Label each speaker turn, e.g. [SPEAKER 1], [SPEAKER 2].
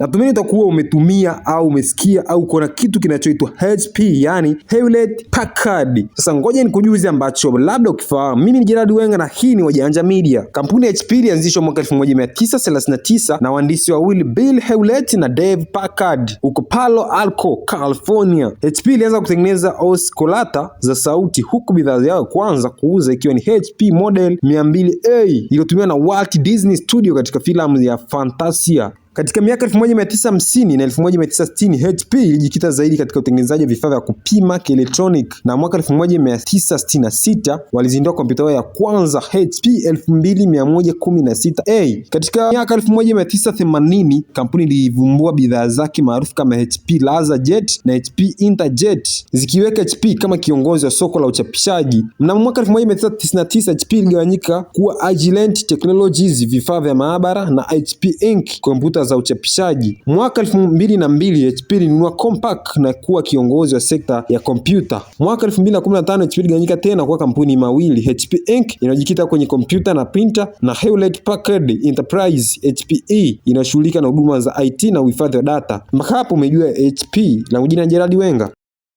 [SPEAKER 1] Natumaini utakuwa umetumia au umesikia au kuona kitu kinachoitwa HP, yani Hewlett Packard. Sasa ngoja nikujuze ambacho labda ukifahamu. Mimi ni Gerard Wenga na hii ni Wajanja Media. Kampuni ya HP ilianzishwa mwaka 1939 na waandishi wawili Bill Hewlett na Dave Packard huko Palo Alto, California. HP ilianza kutengeneza oskolata za sauti, huku bidhaa yao kwanza kuuza ikiwa ni HP model 200A iliyotumiwa na Walt Disney Studio katika filamu ya Fantasia. Katika miaka 1950 na 1960 HP ilijikita zaidi katika utengenezaji wa vifaa vya kupima kielektronic na mwaka 1966 walizindua kompyuta ya kwanza HP 2116A. Katika miaka 1980 kampuni ilivumbua bidhaa zake maarufu kama HP LaserJet na HP Interjet zikiweka HP kama kiongozi wa soko la uchapishaji. Mnamo mwaka 1999 HP iligawanyika kuwa Agilent Technologies vifaa vya maabara na HP Inc kompyuta za uchapishaji. Mwaka elfu mbili na mbili HP ilinunua Compaq na kuwa kiongozi wa sekta ya kompyuta. Mwaka elfu mbili na kumi na tano HP iligawanyika tena kuwa kampuni mawili, HP Inc inayojikita kwenye kompyuta na printer na Hewlett Packard Enterprise HPE inayoshughulika na huduma za IT na uhifadhi wa data. Mpaka hapo umejua HP, langu jina Gerald Wenga.